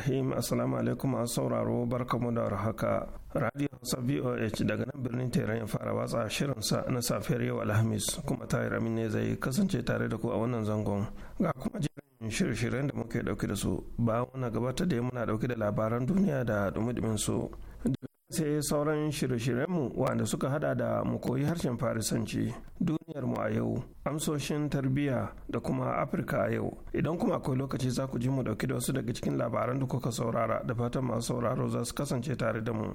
rahim assalamu alaikum a sauraro barkamu da haka radio hausa voh daga nan birnin teran ya fara watsa shirin sa na safiyar yau alhamis kuma tahir amin ne zai kasance tare da ku a wannan zangon ga kuma jerin shirye-shiryen da muke dauke da su ba wani gabatar da muna dauke da labaran duniya da dumi su sai sauran shirye-shiryenmu wanda suka hada da mu koyi harshen farisanci duniyarmu a yau amsoshin tarbiyya da kuma afirka a yau idan kuma akwai lokaci za ku ji mu dauki da wasu daga cikin labaran da kuka saurara da fatan masu sauraro za su kasance tare da mu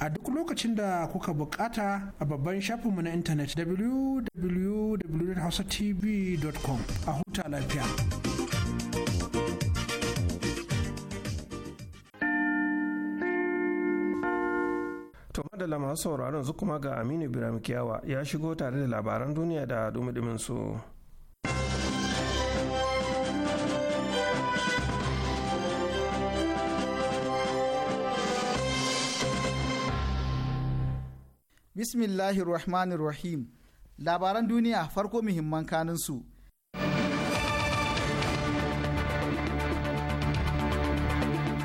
a duk lokacin da kuka bukata a babban shafinmu na intanet www.hausatv.com a huta lafiya. To da masu sauraron su ga Aminu Biramkiyawa ya shigo tare da labaran duniya da dumi su. Bismillahir Rahmanir Rahim. Labaran duniya farko muhimman kanin su.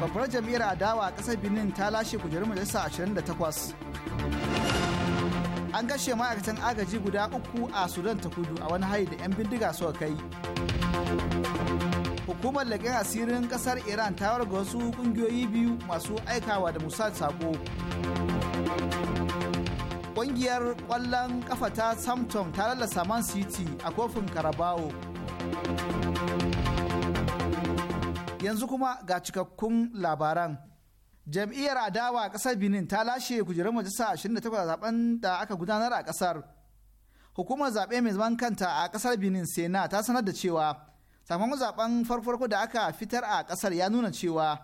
Babbar jam'iyyar adawa a ƙasar Benin ta lashe kujerun majalisa 28. An kashe ma'aikatan agaji guda uku a Sudan ta kudu a wani hari da 'yan bindiga suka kai. Hukumar leƙen asirin ƙasar Iran ta warga wasu ƙungiyoyi biyu masu aikawa da musa sako. Ƙungiyar ƙwallon ƙafa ta samtom ta lallasa Man City a kofin Karabawo. Yanzu kuma ga cikakkun labaran. Jam'iyyar adawa a ƙasar Benin ta lashe kujerar majalisa 28 a zaben da aka gudanar a ƙasar. Hukumar zaɓe mai zaman kanta a ƙasar Benin Sena ta sanar da cewa sakamakon zaben farko da aka fitar a ƙasar ya nuna cewa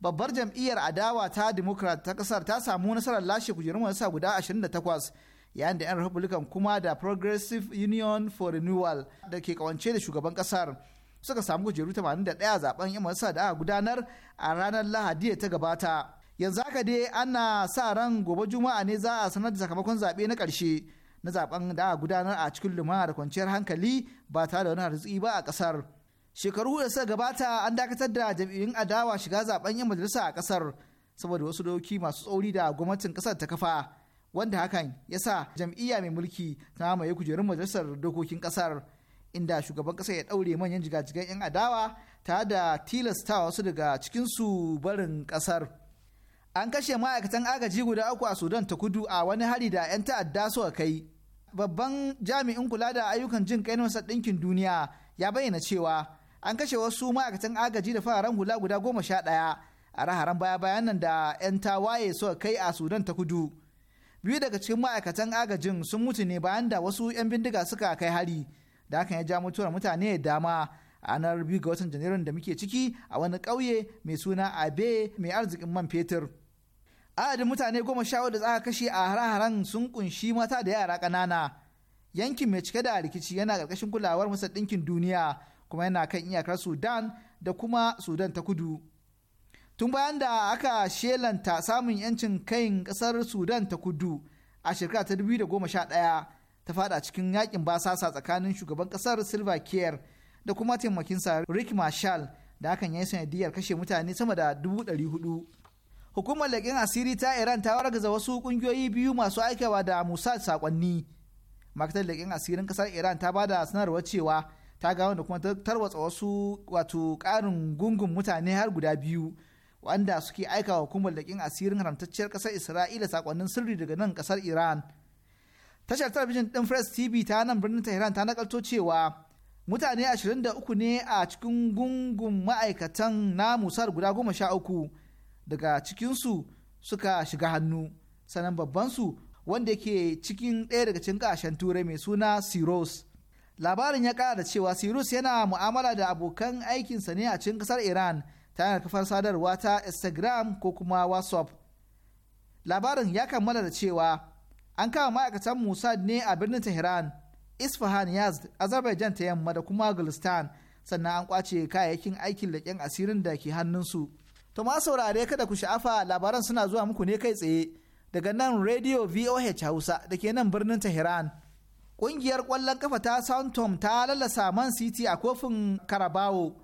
babbar jam'iyyar adawa ta democrat ta kasar ta samu nasarar lashe kujerun wasa guda 28 yayin da 'yan republican kuma da progressive union for renewal da ke kawance da shugaban kasar suka samu kujeru 81 zaben yan wasa da aka gudanar a ranar lahadi ta gabata yanzu haka dai ana sa ran gobe juma'a ne za a sanar da sakamakon zaɓe na ƙarshe na zaben da aka gudanar a cikin lumana da kwanciyar hankali ba tare da wani hargitsi ba a kasar. shekaru da suka gabata an dakatar da jam'iyyun adawa shiga zaben yin majalisa a kasar saboda wasu doki masu tsauri da gwamnatin kasar ta kafa wanda hakan ya sa jam'iyya mai mulki ta mamaye kujerun majalisar dokokin kasar inda shugaban kasar ya daure manyan jigajigan yan adawa tare da tilasta wasu daga cikinsu barin kasar an kashe ma'aikatan agaji guda uku a sudan ta kudu a wani hari da 'yan ta'adda suka kai babban jami'in kula da ayyukan jin kai na ɗinkin duniya ya bayyana cewa an kashe wasu ma'aikatan agaji da fararen hula guda goma sha ɗaya a raharan baya bayan nan da 'yan tawaye suka kai a sudan ta kudu biyu daga cikin ma'aikatan agajin sun mutu ne bayan da wasu 'yan bindiga suka kai hari da hakan ya ja mutuwar mutane da dama a ranar biyu ga watan janairun da muke ciki a wani ƙauye mai suna abe mai arzikin man fetur adadin mutane goma sha da aka kashe a hare-haren sun kunshi mata da yara ƙanana yankin mai cike da rikici yana ƙarƙashin kulawar masa ɗinkin duniya kuma yana kan iyakar sudan da kuma sudan ta kudu tun bayan da aka shelanta samun yancin kayin kasar sudan ta kudu a shekara ta 2011 ta fada cikin yakin basasa tsakanin shugaban kasar silva kier da kuma taimakinsa rick marshall da hakan ya yi sanadiyar kashe mutane sama da 400 hukumar leƙen asiri ta iran ta wargaza wasu ƙungiyoyi biyu masu aikawa da musa sakonni makatar leƙen asirin ƙasar iran ta bada sanarwar cewa ta ga da kuma ta tarwatsa wasu wato ƙarin gungun mutane har guda biyu wanda suke aika wa hukumar kin asirin haramtacciyar kasar isra'ila sakonnin sirri daga nan kasar iran tashar talabijin ɗin fresh tv ta nan birnin tehran ta nakalto cewa mutane 23 ne a cikin gungun ma'aikatan na musar guda goma sha uku daga cikinsu suka shiga hannu sannan su wanda ke cikin ɗaya daga cikin kashen turai mai suna siros labarin ya kara da cewa sirus yana mu'amala da abokan aikinsa ne a cikin kasar iran ta hanyar kafar sadarwa ta instagram ko kuma whatsapp labarin ya kammala da cewa an kama ma'aikatan musad ne a birnin tehran isfahan yazd azerbaijan ta yamma da kuma gulistan sannan an kwace kayayyakin aikin laƙen asirin da ke hannunsu to ma saurare kada ku sha'afa labaran suna zuwa muku ne kai tsaye daga nan radio voh hausa da ke nan birnin tehran kungiyar kwallon kafa ta Southampton ta lalasa Man City a kofin Carabao.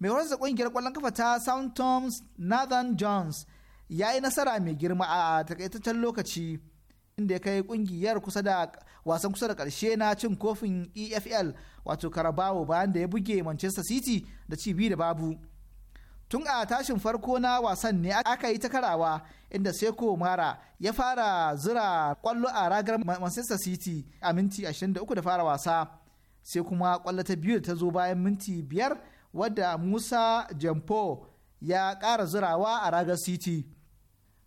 Mai warsa kungiyar kwallon kafa ta Southampton Nathan Jones ya yi nasara mai girma a takaitaccen lokaci inda ya kai kungiyar kusa da wasan kusa da karshe na cin kofin EFL wato Carabao bayan da ya buge Manchester City da ci da babu. Tun a tashin farko na wasan ne aka yi ta karawa inda Seko Mara ya fara zura kwallo a ragar Manchester City a minti 23 da fara wasa. Sai kuma kwallo ta biyu da ta zo bayan minti biyar wadda Musa Jampo ya ƙara zurawa a ragar City.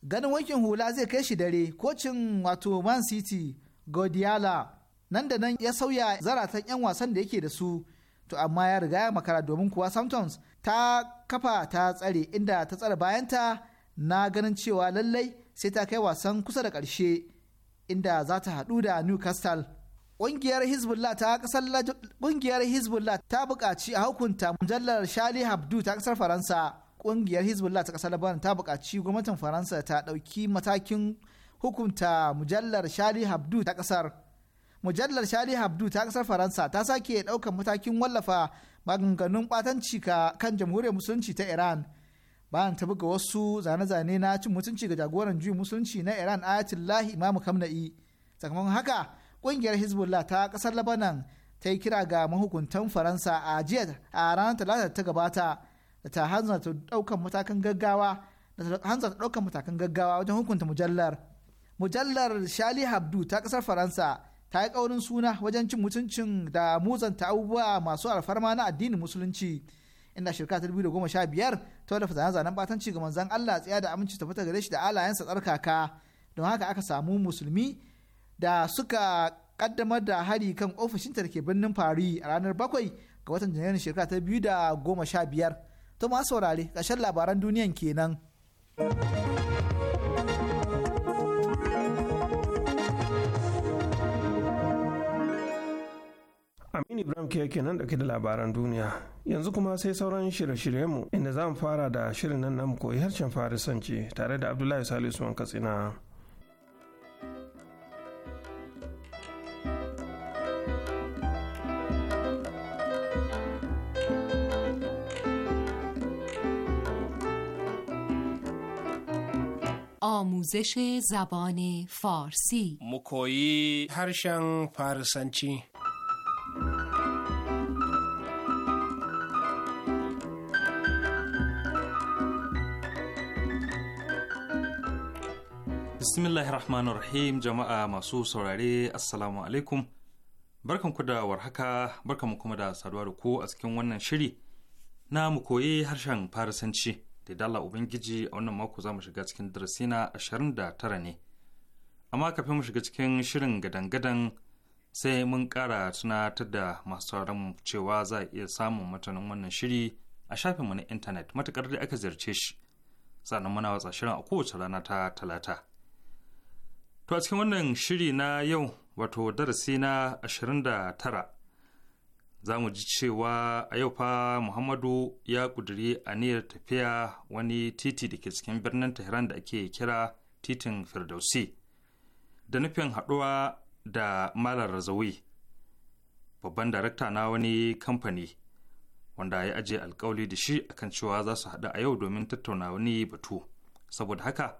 Ganin wankin hula zai kai shi dare kocin wato Man City godiala nan da nan ya sauya zaratan 'yan wasan da yake da su to amma ya riga ya makara domin kuwa Samtons ta kafa ta tsare inda ta tsare bayanta na ganin cewa lallai sai ta kai wasan kusa da ƙarshe inda za ta haɗu da Newcastle. Ƙungiyar Hezbollah ta Hezbollah buƙaci a hukunta mujallar Shali Habdu ta ƙasar Faransa. Ƙungiyar Hezbollah ta ƙasar Lebanon ta buƙaci gwamnatin Faransa ta ɗauki matakin hukunta mujallar Shali Habdu ta ƙasar. Mujallar Shali Habdu ta ƙasar Faransa ta sake ɗaukar matakin wallafa maganganun ɓatanci kan jamhuriyar musulunci ta Iran. bayan ta buga wasu zane-zane na cin mutunci ga jagoran juyin musulunci na iran ayatullahi imamu kamna'i sakamakon haka kungiyar hezbollah ta kasar labanan ta yi kira ga mahukuntan faransa a jiya a ranar talata ta gabata da ta hanzarta daukan matakan gaggawa da ta hanzarta daukan matakan gaggawa wajen hukunta mujallar mujallar shali habdu ta kasar faransa ta yi kaurin suna wajen cin mutuncin da muzanta abubuwa masu alfarma na addinin musulunci inda shirka ta goma sha biyar ta wadda zane zanen batanci ga zan Allah tsaya da aminci ta fita gare shi da alayensa tsarkaka don haka aka samu musulmi da suka kaddamar da hari kan ofishin da birnin Paris a ranar bakwai ga watan janairun shirka ta biyu da goma sha biyar. To masu saurare ƙarshen labaran duniyan kenan. Aminu Ibrahim ke nan dauke da labaran duniya. Yanzu kuma sai sauran shirye-shiryenmu inda za mu fara da shirin nan namu koyi harshen Farisanci tare da Abdullahi Salisu Usman Katsina. آموزش زبان فارسی مکویی هرشن فارسنچی Bismillahirrahmanirrahim jama'a masu saurare assalamu alaikum barkan ku da warhaka barkan mu kuma da saduwa da ku a cikin wannan shiri na mu koyi harshen farisanci da dala ubangiji a wannan mako za mu shiga cikin darasi na ashirin da tara ne amma kafin mu shiga cikin shirin gadangadan sai mun kara tunatar da masu sauran cewa za a iya samun matanin wannan shiri a shafinmu na intanet matukar da aka ziyarce shi sannan muna watsa shirin a kowace rana ta talata To a cikin wannan shiri na yau wato darasi na 29 za mu ji cewa a yau fa Muhammadu ya ƙudiri aniyar tafiya wani titi da ke cikin birnin Tehran da ake kira titin Firdausi da nufin haɗuwa da Malar Razawi babban darakta na wani kamfani wanda ya ajiye alkawali da shi akan cewa za su haɗu a yau domin tattauna wani batu saboda haka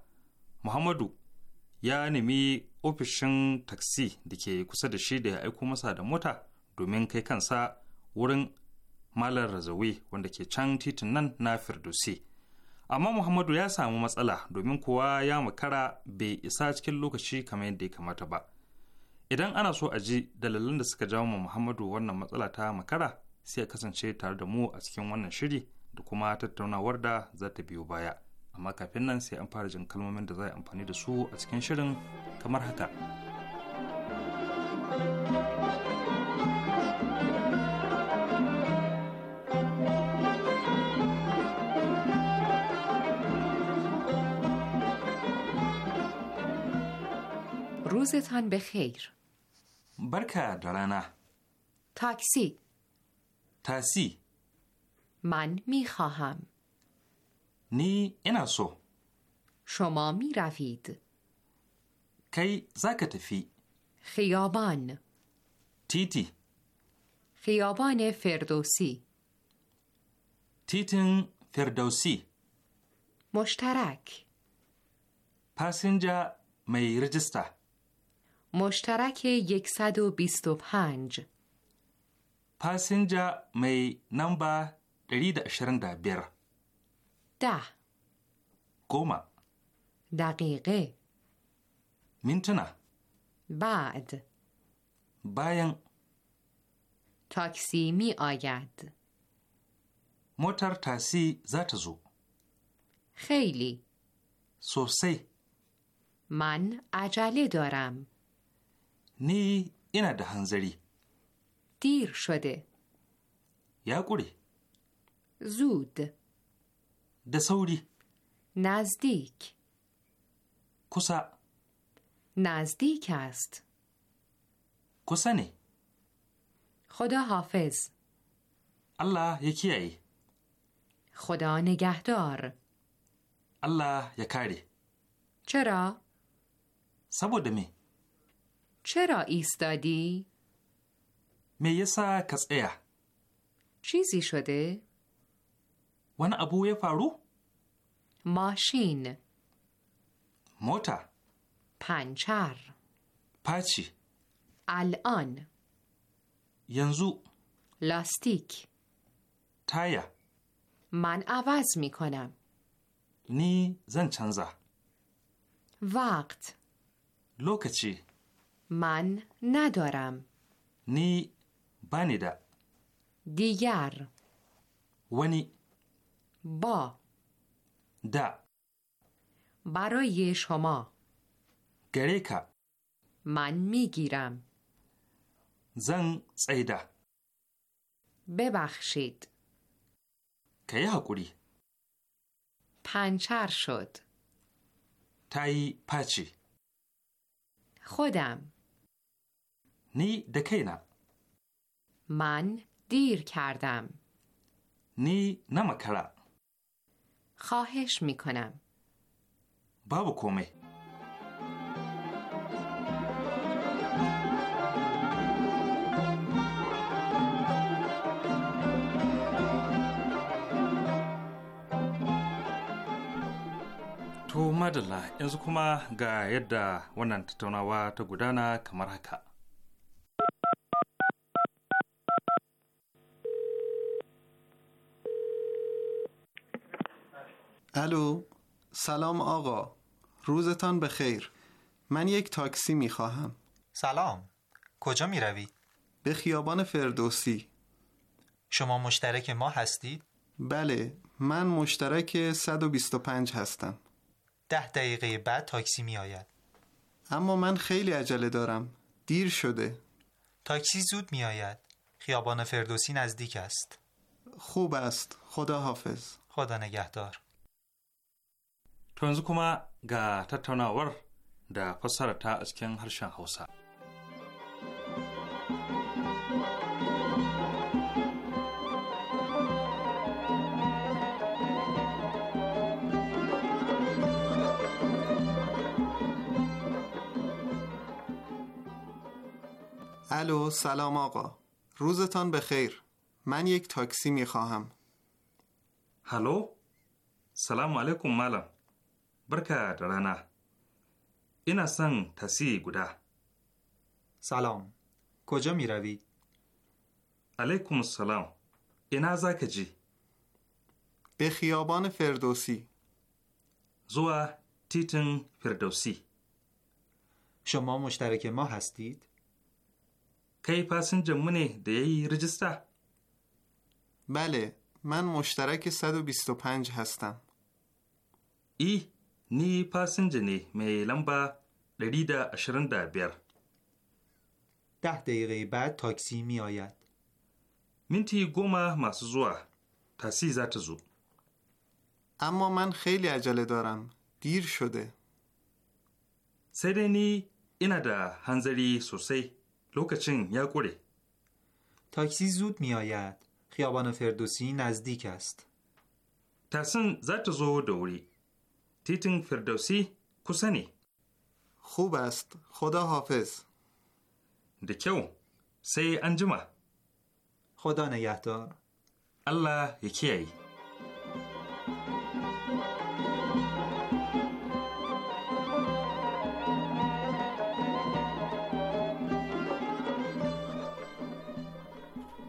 Muhammadu ya nemi ofishin taksi da ke kusa da shi da ya aiko masa da mota domin kai kansa wurin malar razawi wanda ke can titin nan na firdausi amma muhammadu ya samu matsala domin kowa ya makara bai isa cikin lokaci kamar yadda ya kamata ba idan ana so a ji dalilan da suka jawo muhammadu wannan matsala ta makara sai a kasance tare da mu a cikin wannan shiri da kuma tattaunawar da za ta biyo baya. amma kafin nan sai an fara jin kalmomin da za a amfani da su a cikin shirin kamar haka روزتان da برکه taksi. tasi. تاسی من میخواهم نی اینا سو شما می روید کی زکت فی خیابان تیتی خیابان فردوسی تیتن فردوسی مشترک پسنجا می رجسته مشترک 125 پاسنجر می نمبر 125 ده گما، دقیقه منتنا بعد باین تاکسی می آید موتر تاسی زت زو خیلی سوسی من عجله دارم نی اینا ده هنزری دیر شده یا گوری زود ده سوری نزدیک کسا نزدیک است کسنه خدا حافظ الله یکی ای خدا نگهدار الله یکاری چرا؟ سبوده می چرا ایستادی؟ می یسا کس ایا چیزی شده؟ wani ابو ya فارو ماشین موتا پنچر پاچی الان ینزو لاستیک تایا من عوض می کنم نی زن چنزه وقت لوکچی من ندارم نی بانیدا دیگر ونی با دا برای شما گریکا من میگیرم زن سیده ببخشید که حقوری پنچر شد تای پچی خودم نی دکینا من دیر کردم نی نمکرم خواهش می کنم بابو کومه To madalla yanzu kuma ga yadda wannan tattaunawa ta gudana kamar haka. الو سلام آقا روزتان به خیر، من یک تاکسی می سلام کجا می به خیابان فردوسی شما مشترک ما هستید؟ بله من مشترک 125 هستم ده دقیقه بعد تاکسی می آید اما من خیلی عجله دارم دیر شده تاکسی زود می آید خیابان فردوسی نزدیک است خوب است خدا حافظ خدا نگهدار To yanzu kuma ga tattaunawar da fassarata a cikin harshen Hausa. الو سلام آقا روزتان به خیر من یک تاکسی می خواهم هلو سلام علیکم ملم برکه رانا. اینا سن تسی گوده سلام کجا می روید؟ علیکم السلام اینا زکجی به خیابان فردوسی زوا تیتن فردوسی شما مشترک ما هستید؟ کی پسنج منه دیگه رجسته؟ بله من مشترک 125 هستم ای نی پاسنجه نه می لمبا 125 ده دقیقه بعد تاکسی می آید منتی گوما ماسو زوا تاسی زات زو اما من خیلی عجله دارم دیر شده سرنی اینا دا هنزری سوسی لوکچین یا گوره تاکسی زود می آید خیابان فردوسی نزدیک است تاسن زات زو دوری titin firdausi kusa ne خوب است Hafiz. da kyau sai an jima na yato. allah ya kiyaye.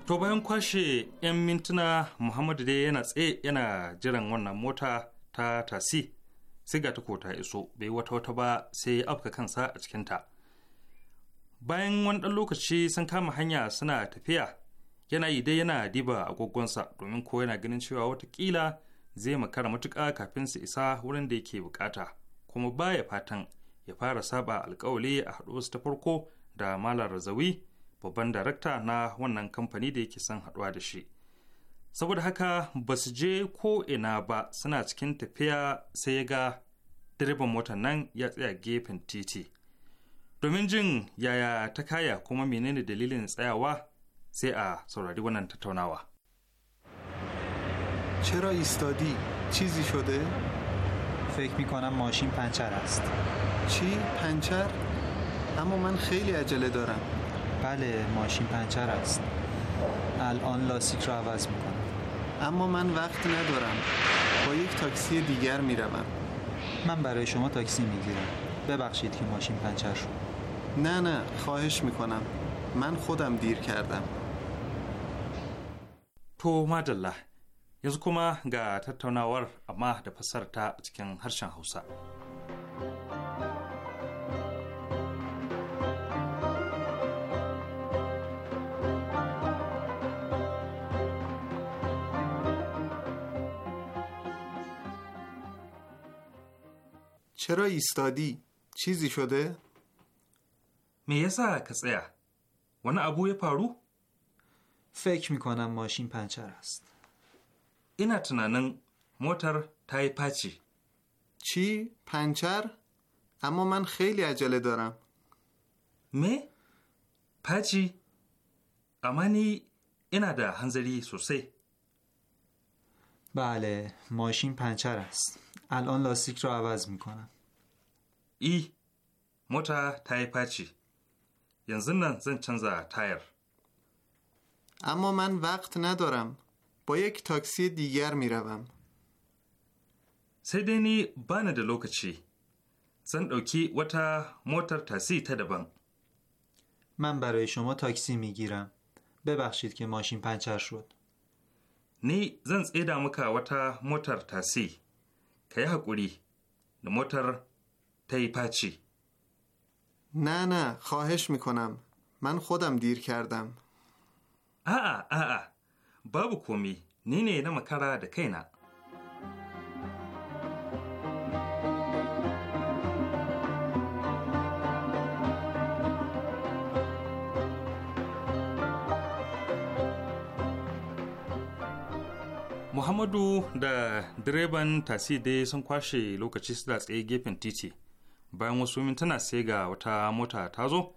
To bayan kwashe 'yan mintuna Muhammadu dai yana tsaye yana jiran wannan mota ta tasi sai ga tako ta iso bai wata wata ba sai ya afka kansa a cikinta bayan wani ɗan lokaci sun kama hanya suna tafiya yana yi dai yana diba agogonsa domin ko yana ganin cewa watakila zai makara matuƙa kafin su isa wurin da yake bukata kuma baya fatan ya fara saba alkawali a haɗuwarsu ta farko da malar razawi babban darakta na wannan kamfani da yake son haɗuwa da shi saboda haka ba su je ko ina ba suna cikin tafiya sai ya ga direban motar nan ya tsaya gefen titi domin jin yaya ta kaya kuma menene dalilin tsayawa sai a saurari wannan tattaunawa چرا ایستادی؟ چیزی شده؟ فکر می کنم ماشین پنچر است چی؟ پنچر؟ اما من خیلی عجله دارم بله ماشین پنچر است الان لاستیک را عوض mi کنم اما من وقت ندارم با یک تاکسی دیگر میروم من برای شما تاکسی میگیرم ببخشید که ماشین پنچر شد نه نه خواهش میکنم من خودم دیر کردم تو مجله yanzu kuma ga tattaunawar اما da پسر cikin Thank you چرا ایستادی؟ چیزی شده؟ میزه کسیه ون ابوی پارو؟ فکر میکنم ماشین پنچر است اینا تنانن موتر تای پچی چی؟ پنچر؟ اما من خیلی عجله دارم می؟ پچی؟ اما نی اینا هنزری سوسی بله ماشین پنچر است الان لاستیک را عوض میکنم I, e, mota ta yi face. Yanzu nan zan canza اما من وقت ندارم با یک تاکسی دیگر می روم سیدنی بانه ده لوکچی زن اوکی وطا موتر تاسی تدبن من برای شما تاکسی می گیرم ببخشید که ماشین پنچر شد نی زن ایدامو که وطا موتر تاسی که حقوری ده تیپچی نه نه خواهش میکنم من خودم دیر کردم آه آه آه بابو کمی نینه نمکره مکره ده کینا Muhammadu da direban tasi dai sun kwashe lokaci su da tsaye gefen bayan wasu mintuna sai ga wata mota ta zo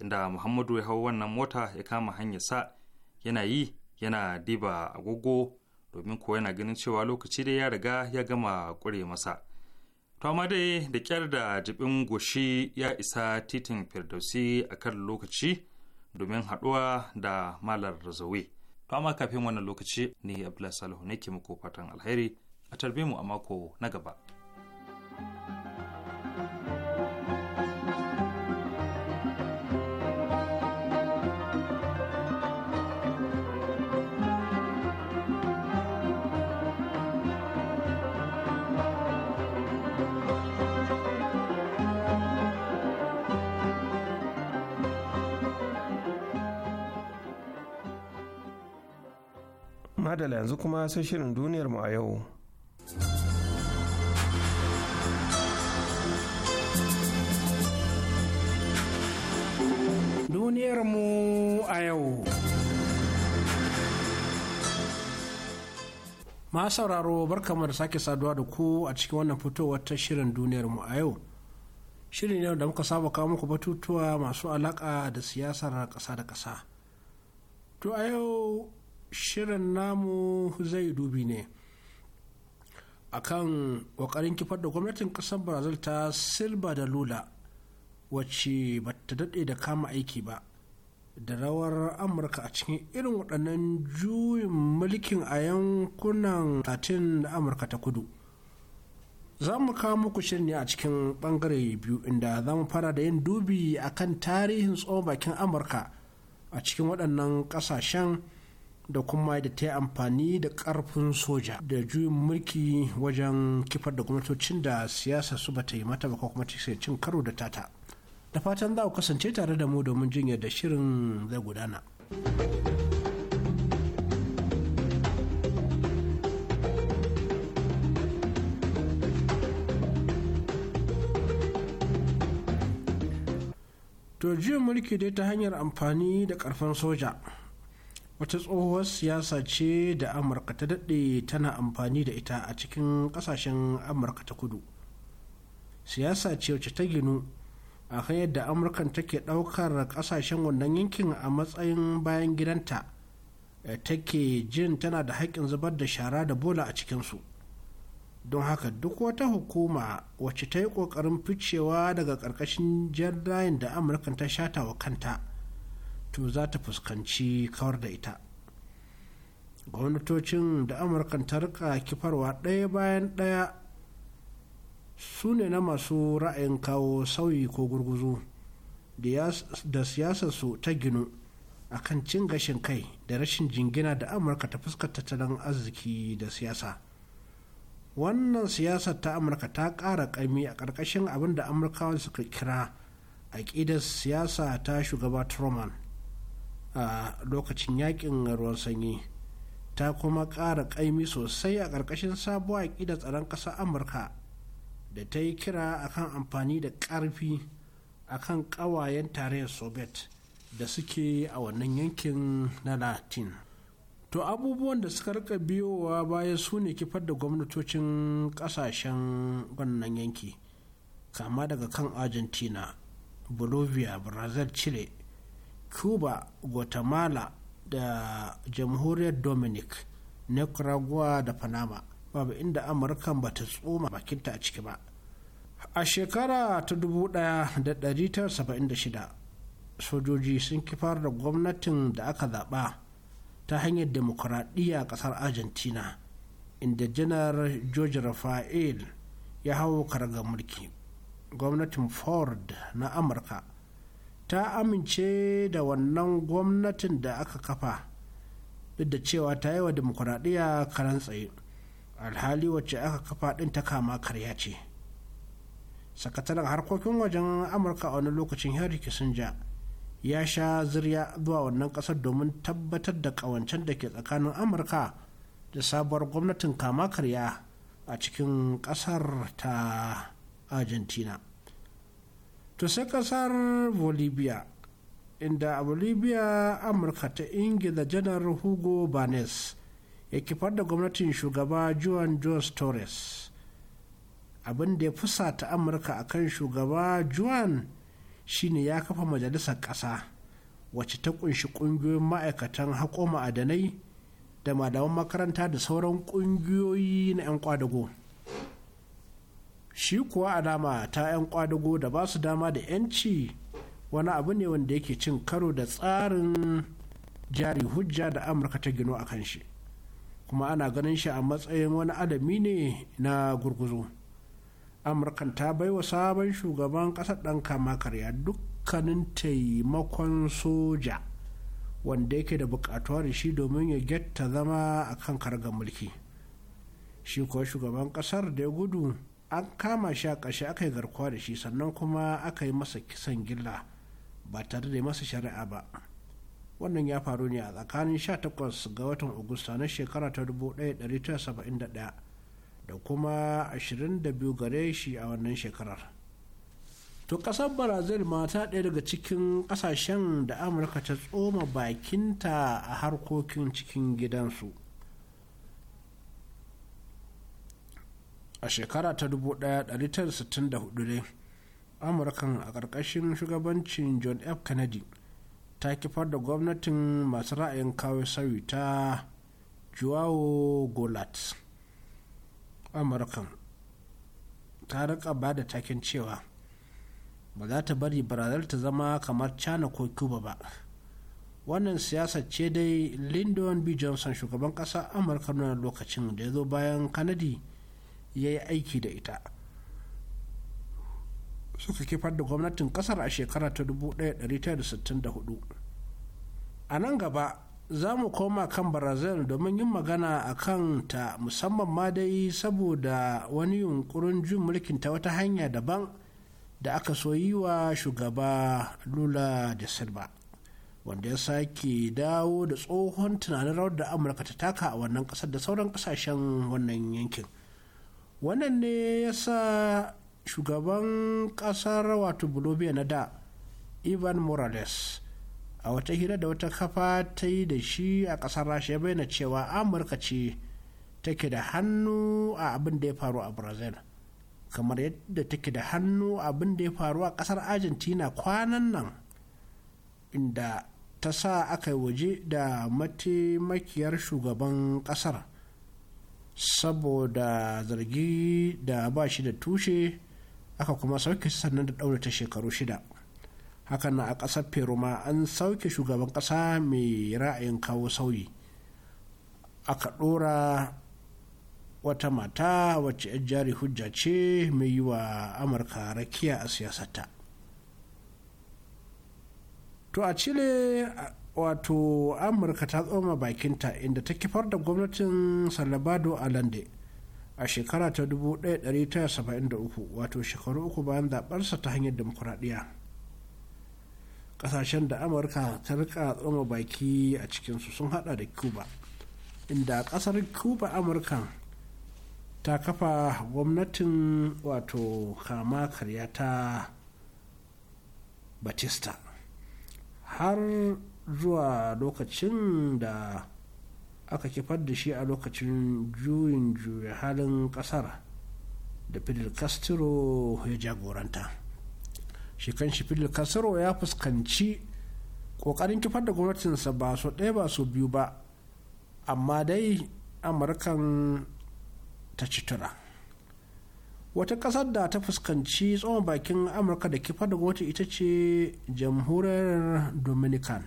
inda muhammadu ya hau wannan mota ya kama sa yana yi yana diba agogo domin kuwa yana ganin cewa lokaci dai ya riga ya gama ƙure masa to amma dai da kyar da jibin goshi ya isa titin firdausi a kan lokaci domin haɗuwa da malar razawe to amma kafin wannan lokaci ne abdullahi salihu nake muku fatan alheri a tarbe mu a mako na gaba. madala yanzu kuma sai shirin duniyar mu a yau duniyar mu a yau ma sauraro barkamu da sake saduwa da ku a cikin wannan fitowar ta shirin duniyar mu a yau shirin yau da muka saba kawo muku batutuwa masu alaƙa da siyasar ƙasa da ƙasa to a yau shirin namu zai dubi ne akan kokarin kifar da gwamnatin kasar brazil ta silba da lula wacce ba ta daɗe da kama aiki ba da rawar amurka a cikin irin waɗannan juyin mulkin a yankunan latin da amurka ta kudu za mu kawo muku shirin ne a cikin ɓangare biyu inda za mu fara da yin dubi akan tarihin tsohon bakin amurka a cikin waɗannan ƙasashen da kuma da ta yi amfani da ƙarfin soja da juyin mulki wajen kifar da gwamnatocin da siyasa su ta yi mata ba ko kuma cin karo da tata da fatan za ku kasance tare da mu domin jin yadda shirin zai gudana to juyin mulki dai ta hanyar amfani da ƙarfin soja wata tsohuwar siyasa ce da amurka ta daɗe tana amfani da ita a cikin ƙasashen amurka ta kudu siyasa ce wacce ta ginu a kan yadda amurkan take ɗaukar ƙasashen wannan yankin a matsayin bayan gidanta take jin tana da haƙƙin zubar da shara da bola a cikinsu don haka duk wata hukuma wacce ta yi ƙoƙarin ficewa daga ƙarƙashin jan da amurkan ta shata wa kanta to za ta fuskanci kawar da ita gwamnatocin da amurka ta rika kifarwa ɗaya bayan ɗaya su ne na masu ra'ayin kawo sauyi ko gurguzu da siyasarsu ta ginu a kan cin gashin kai da rashin jingina da amurka ta fuskar tattalin arziki da siyasa wannan siyasar ta amurka ta ƙara ƙami a ƙarƙashin abin da amurkawa suka kira aƙidar siyasa ta shugaba truman a lokacin yakin ruwan sanyi ta kuma ƙara ƙaimi sosai a ƙarƙashin sabuwa ƙida tsaron ƙasar amurka da ta yi kira akan amfani da ƙarfi akan ƙawayen tarayyar soviet da suke a wannan yankin na latin to abubuwan da suka rika biyowa baya su ne kifar da gwamnatocin ƙasashen wannan yanki kama daga kan argentina bolivia brazil chile cuba guatemala da jamhuriyar dominic nicaragua da panama babu inda amurkan ba ta tsoma bakinta a ciki ba a shekara ta 1976 sojoji sun kifar da gwamnatin da aka zaɓa ta hanyar demokuraɗiyya a ƙasar argentina inda janar george rafael ya hau karga mulki gwamnatin ford na amurka ta amince da wannan gwamnatin da aka kafa duk da cewa ta yi wa dimokuraɗiyya karan tsaye alhali wacce aka kafa ɗin ta kama karya ce sakataren harkokin wajen amurka a wani lokacin henry kissinger ya sha zirya zuwa wannan ƙasar domin tabbatar da ƙawancen da ke tsakanin amurka da sabuwar gwamnatin kama karya a cikin ƙasar ta argentina to sai kasar bolivia inda a bolivia amurka ta ingila janar hugo barnes ya kifar da gwamnatin shugaba juan jos torres abin da ya fusata amurka a kan shugaba juan shine ya kafa majalisar ƙasa wacce ta kunshi ƙungiyoyin ma'aikatan haƙo ma'adanai da malaman makaranta da sauran ƙungiyoyi na 'yan kwadago shi kuwa alama ta 'yan kwadago da ba su dama da 'yanci wani abu ne wanda yake cin karo da tsarin jari hujja da amurka ta gino a kan shi kuma ana ganin shi a matsayin wani adami ne na gurguzu amurkan ta baiwa sabon shugaban kasar ɗan kama karya dukkanin taimakon soja wanda yake da buƙatuwa shi domin ya getta zama a kan kargar mulki shi kuwa shugaban kasar da ya gudu an kama shi a aka yi garkuwa da shi sannan kuma aka yi masa kisan gilla ba tare da masa shari'a ba wannan ya faru ne a tsakanin 18 ga watan agusta na shekara ta 1971 da kuma 22 gare shi a wannan shekarar to ƙasar brazil mata ɗaya daga cikin ƙasashen da amurka ta tsoma bakinta a harkokin cikin gidansu a shekara ta 1964 ne amurkan a ƙarƙashin shugabancin john f kennedy ta kifar da gwamnatin masu ra'ayin kawo sauyi ta joao golat amurkan ta rika ba da takin cewa ba za ta bari barazil ta zama kamar china ko cuba ba wannan siyasa ce dai lyndon b johnson shugaban ƙasa amurka na lokacin da ya zo bayan kanadi ya yi aiki da ita suka kifar da gwamnatin kasar a shekara ta 1964 a nan gaba za mu koma kan brazil domin yin magana a kan ta musamman ma dai saboda wani yunkurin jin mulkin ta wata hanya daban da aka so yi wa shugaba lula da silba wanda ya sake dawo da tsohon tunanin rawar da amurka ta taka a wannan kasar da sauran kasashen wannan yankin wannan ne ya sa shugaban kasar wato bolivia na da ivan morales a wata hira da wata kafa ta yi da shi a kasar rasha bayyana cewa amurka ce take da hannu a abin da ya faru a brazil kamar yadda take da hannu abin da ya faru a kasar argentina kwanan nan inda ta sa aka yi waje da mataimakiyar shugaban kasar saboda zargi da ba shi da tushe aka kuma sauke sannan da ɗaure shekaru shida hakan na a ƙasar peru ma an sauke shugaban ƙasa mai ra'ayin kawo sauyi aka ɗora wata mata wacce 'yan jari hujja ce mai yi wa amurka rakiya a siyasarta to a chile wato amurka ta tsoma bakinta inda ta kifar da gwamnatin salabado a lande a shekara ta 1973 wato shekaru uku bayan zaɓarsa ta hanyar demokuraɗiyya ƙasashen da amurka ta rika tsoma baki a cikinsu sun hada da cuba inda ƙasar cuba amurka ta kafa gwamnatin wato kama karya ta batista har zuwa lokacin da aka kifar da shi a lokacin juyin juya halin kasar da fidel castro ya jagoranta shi kanshi fidel castro ya fuskanci kokarin kifar da gwamnatinsa ba su ɗaya ba su biyu ba amma dai amurkan ta citura wata ƙasar da ta fuskanci tsohon bakin amurka da kifar da gwamnati ita ce jamhuriyar dominican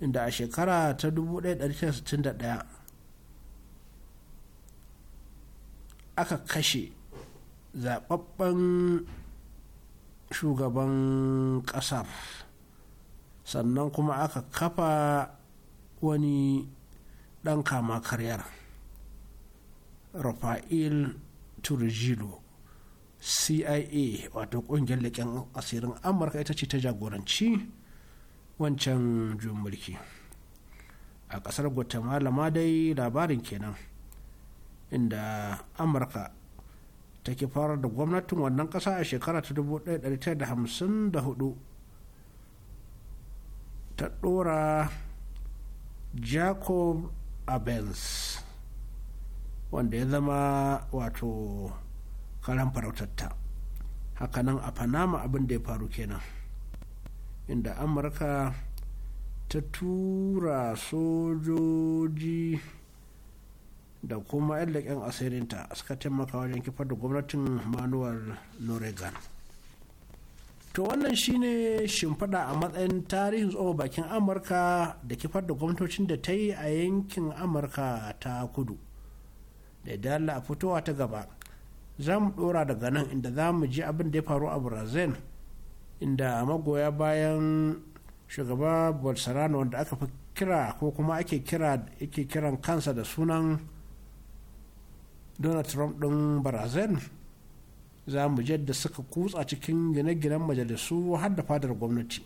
inda a shekara ta 1961 aka kashe zababben shugaban kasar sannan kuma aka kafa wani ɗan kama karyar rafa'il turjilo cia wato ƙungiyar leƙen asirin amurka ita ce ta jagoranci wancan juyin mulki a ƙasar guatemala ma dai labarin kenan inda amurka ta kifar da gwamnatin wannan ƙasa a shekara ta 1954 ta ɗora jacob abens wanda ya zama wato karan farautarta hakanan a panama abin da ya faru kenan inda amurka ta tura sojoji da kuma 'yan leƙen asirinta suka taimaka wajen kifar da gwamnatin manuwar noregan to wannan shine shimfiɗa a matsayin tarihin tsoho bakin amurka da kifar da gwamnatocin da ta yi a yankin amurka ta kudu da idan a fitowa ta gaba za mu ɗora daga nan inda za mu ji abin da ya faru a brazil inda magoya bayan shugaba bolsonaro wanda aka fi kira ko kuma ake kira yake kiran kansa da sunan donald trump ɗin brazil za mu jadda suka kutsa cikin gine-ginen majalisu har da fadar gwamnati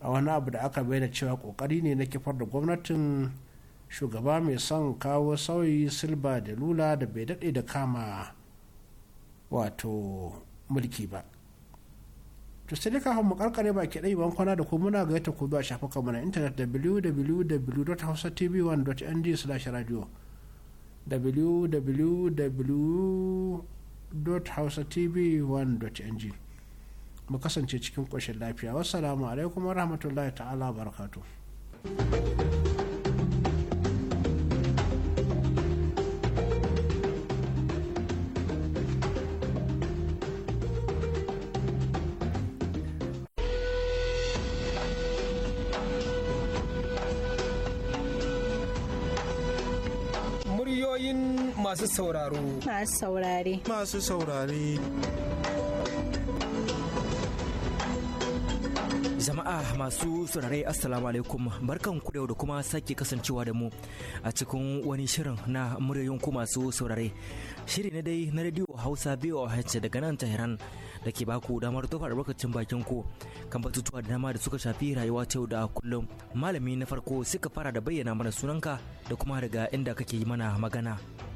a wani abu da aka bayyana cewa kokari ne na kifar da gwamnatin shugaba mai son kawo sauyi silba da lula da bai daɗe da kama wato mulki ba to sai ka mu karkare ba ke ɗai bankwana da ku muna gaita ku zuwa shafukanmu na intanet www.hausatv1.ng slash radio www.hausatv1.ng mu kasance cikin ƙoshin lafiya wassalamu alaikum warahmatullahi ta'ala barakatuh masu sauraro masu saurare masu saurare jama'a masu saurare assalamu alaikum barkan ku da kuma sake kasancewa da mu a cikin wani shirin na muryoyin ku masu saurare shiri na dai na radio hausa a voh daga nan tehran da ke baku damar tofa albarkacin bakin ku kan batutuwa da dama da suka shafi rayuwa ta yau da kullum malami na farko suka fara da bayyana mana sunanka da kuma daga inda kake yi mana magana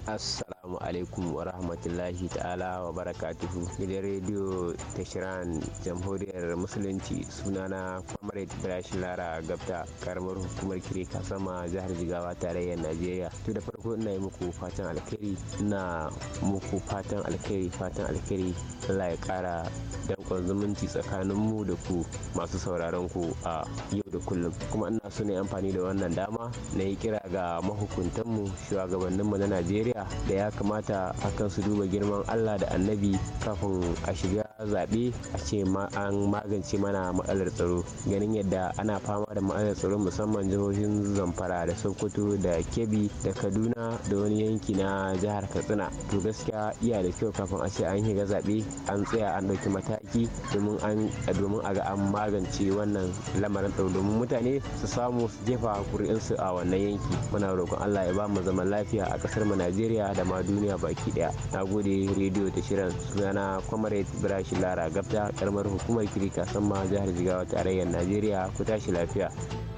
Assalamu alaikum wa rahmatullahi ta'ala wa barakatuhu. Gidan rediyo Tashiran Jamhuriyar Musulunci sunana Kwamare Ibrahim Lara Gabta karamar hukumar kire sama jihar Jigawa tarayyar Najeriya. To da farko ina yi muku fatan alkhairi ina muku fatan alkhairi fatan alkhairi Allah ya kara dankon zumunci tsakanin mu da ku masu sauraron ku a yau da kullum kuma ina so yi amfani da wannan dama na yi kira ga mahukuntanmu shugabanninmu na Najeriya najeriya da ya kamata a kan su duba girman allah da annabi kafin a shiga zaɓe a ce an magance mana matsalar tsaro ganin yadda ana fama da matsalar tsaro musamman jihohin zamfara da sokoto da kebbi da kaduna da wani yanki na jihar katsina to gaskiya iya da kyau kafin a ce an shiga zaɓe an tsaya an ɗauki mataki domin a ga an magance wannan lamarin tsaro domin mutane su samu su jefa kuri'insu a wannan yanki muna roƙon allah ya ba mu zaman lafiya a ƙasar mu najeriya najeriya da ma duniya baki daya na gode rediyo da shirin sunana comrade ibrahim lara gabta karamar hukumar kasan ma jihar jigawa tarayyar najeriya ku tashi lafiya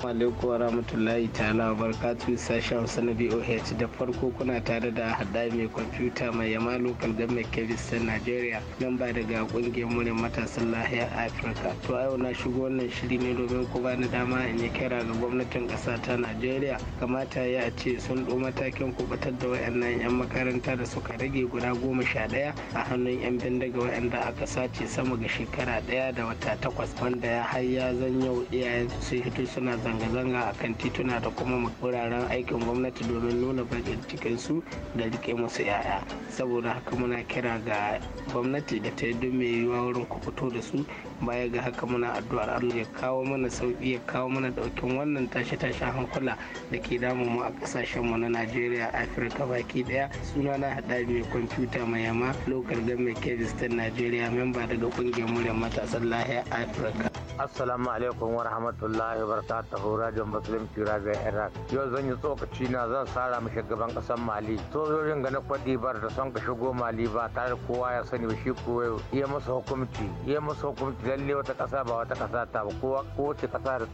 alaikum wa rahmatullahi ta'ala wa barakatuhu sashen hausa boh da farko kuna tare da hada mai kwamfuta mai yama local government kebis ta nigeria nan ba daga kungiyar murin matasan lahiyar afirka to a yau na shigo wannan shiri ne domin ku bani dama in yi kira ga gwamnatin kasa ta nigeria kamata ya ce sun ɗo matakin kubatar da wayannan sunayen 'yan makaranta da suka rage guda goma sha ɗaya a hannun 'yan bindiga waɗanda aka sace sama ga shekara daya da wata takwas wanda ya har ya zan yau iyayen sun hito suna zanga-zanga a kan tituna da kuma wuraren aikin gwamnati domin nuna bakin cikin su da rike musu 'ya'ya saboda haka muna kira ga gwamnati da ta yi don mai yiwuwa wurin fito da su baya ga haka muna addu'ar allah ya kawo mana sauki ya kawo mana ɗaukin wannan tashe-tashen hankula da ke damu mu a ƙasashenmu na najeriya afirka baki baki daya suna na hada mai kwamfuta mai yama lokal gamme kebis ta najeriya memba daga kungiyar murya matasan lahiya afirka assalamu alaikum wa rahmatullahi wa barakatuhu radiyon muslim tiraga iraq yau zan yi tsokaci na zan sara mu shugaban kasar mali sojojin ga na kwadi bar da son ka shigo mali ba tare kowa ya sani ba shi ko iya masa hukunci iya masa hukunci lalle wata kasa ba wata kasa ta ba kowa kowace kasa da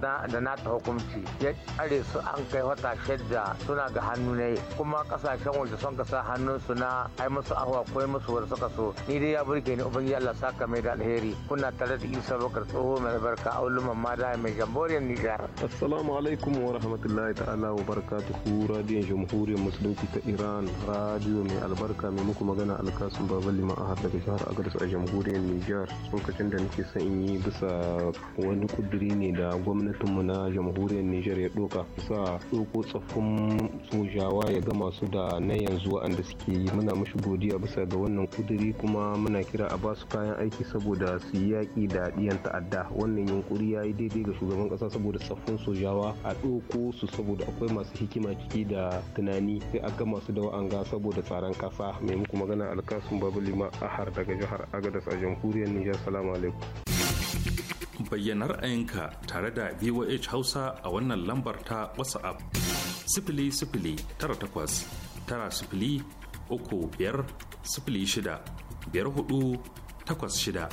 ta da na ta hukunci ya tsare su an kai wata shidda suna ga hannu ne kuma kasashen wanda son kasa hannunsu na ai musu awa ko musu wanda suka so ni dai ya burge ni ubangiji Allah saka mai da alheri kuna tare da Isa Bakar tsoho mai albarka aulu mamma da mai jamboriyar Nijar assalamu alaikum wa rahmatullahi ta'ala wa barakatuhu radiyon jamhuriyar musulunci ta Iran radiyo mai albarka mai muku magana alkasun baba liman ahad daga jihar Agadez a jamhuriyar Nijar lokacin da nake son in yi bisa wani kuduri ne da gwamnatinmu na jamhuriyar Nijar ya doka sa doko tsaffin sojawa ya gama su su da na yanzu waɗanda suke yi muna mushi godiya bisa ga wannan kuduri kuma muna kira a basu kayan aiki saboda su yi yaƙi da ɗiyan ta'adda wannan yunkuri ya yi daidai ga shugaban ƙasa saboda tsaffin sojawa a ɗauko su saboda akwai masu hikima ciki da tunani sai a masu su da wa'anga saboda tsaron ƙasa mai muku magana alkasun babu lima har daga jihar agadas a jamhuriyar nijar salamu alaikum bayyanar ayinka tare da voh hausa a wannan lambar ta whatsapp sifili sifili tara takwas tara sifili uku biyar sifili shida biyar hudu takwas shida.